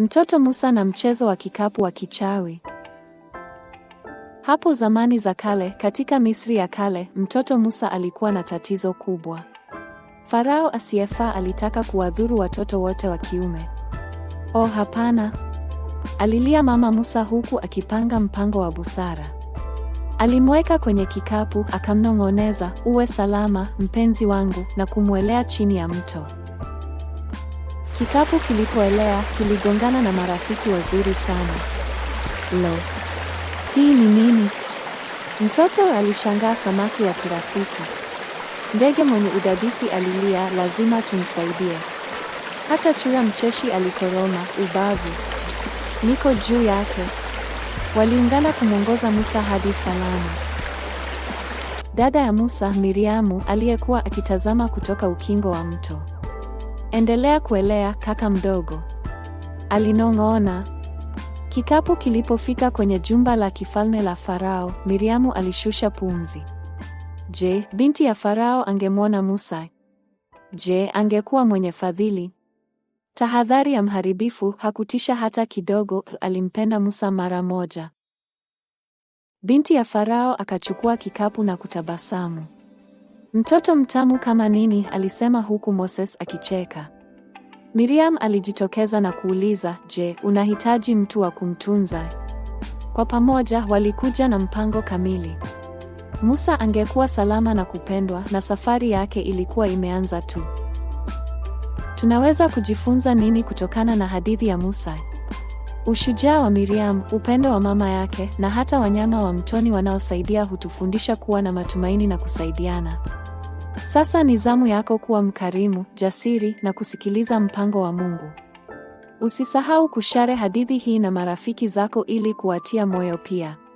Mtoto Musa na mchezo wa kikapu wa kichawi. Hapo zamani za kale, katika Misri ya kale, mtoto Musa alikuwa na tatizo kubwa. Farao asiyefaa alitaka kuwadhuru watoto wote wa kiume. Oh, hapana! Alilia mama Musa huku akipanga mpango wa busara. Alimweka kwenye kikapu, akamnong'oneza, uwe salama mpenzi wangu, na kumwelea chini ya mto. Kikapu kilipoelea kiligongana na marafiki wazuri sana. Lo, hii ni nini? Mtoto alishangaa samaki ya kirafiki. Ndege mwenye udadisi alilia, lazima tumsaidie. Hata chura mcheshi alikoroma ubavu. Niko juu yake. Waliungana kumwongoza Musa hadi salama. Dada ya Musa, Miriamu, aliyekuwa akitazama kutoka ukingo wa mto Endelea kuelea kaka mdogo, alinong'ona. Kikapu kilipofika kwenye jumba la kifalme la Farao, Miriamu alishusha pumzi. Je, binti ya Farao angemwona Musa? Je, angekuwa mwenye fadhili? Tahadhari ya mharibifu hakutisha hata kidogo. Alimpenda Musa mara moja. Binti ya Farao akachukua kikapu na kutabasamu. Mtoto mtamu kama nini, alisema huku Moses akicheka. Miriam alijitokeza na kuuliza, "Je, unahitaji mtu wa kumtunza?" Kwa pamoja walikuja na mpango kamili. Musa angekuwa salama na kupendwa na safari yake ilikuwa imeanza tu. Tunaweza kujifunza nini kutokana na hadithi ya Musa? Ushujaa wa Miriam, upendo wa mama yake na hata wanyama wa mtoni wanaosaidia hutufundisha kuwa na matumaini na kusaidiana. Sasa ni zamu yako kuwa mkarimu, jasiri na kusikiliza mpango wa Mungu. Usisahau kushare hadithi hii na marafiki zako ili kuwatia moyo pia.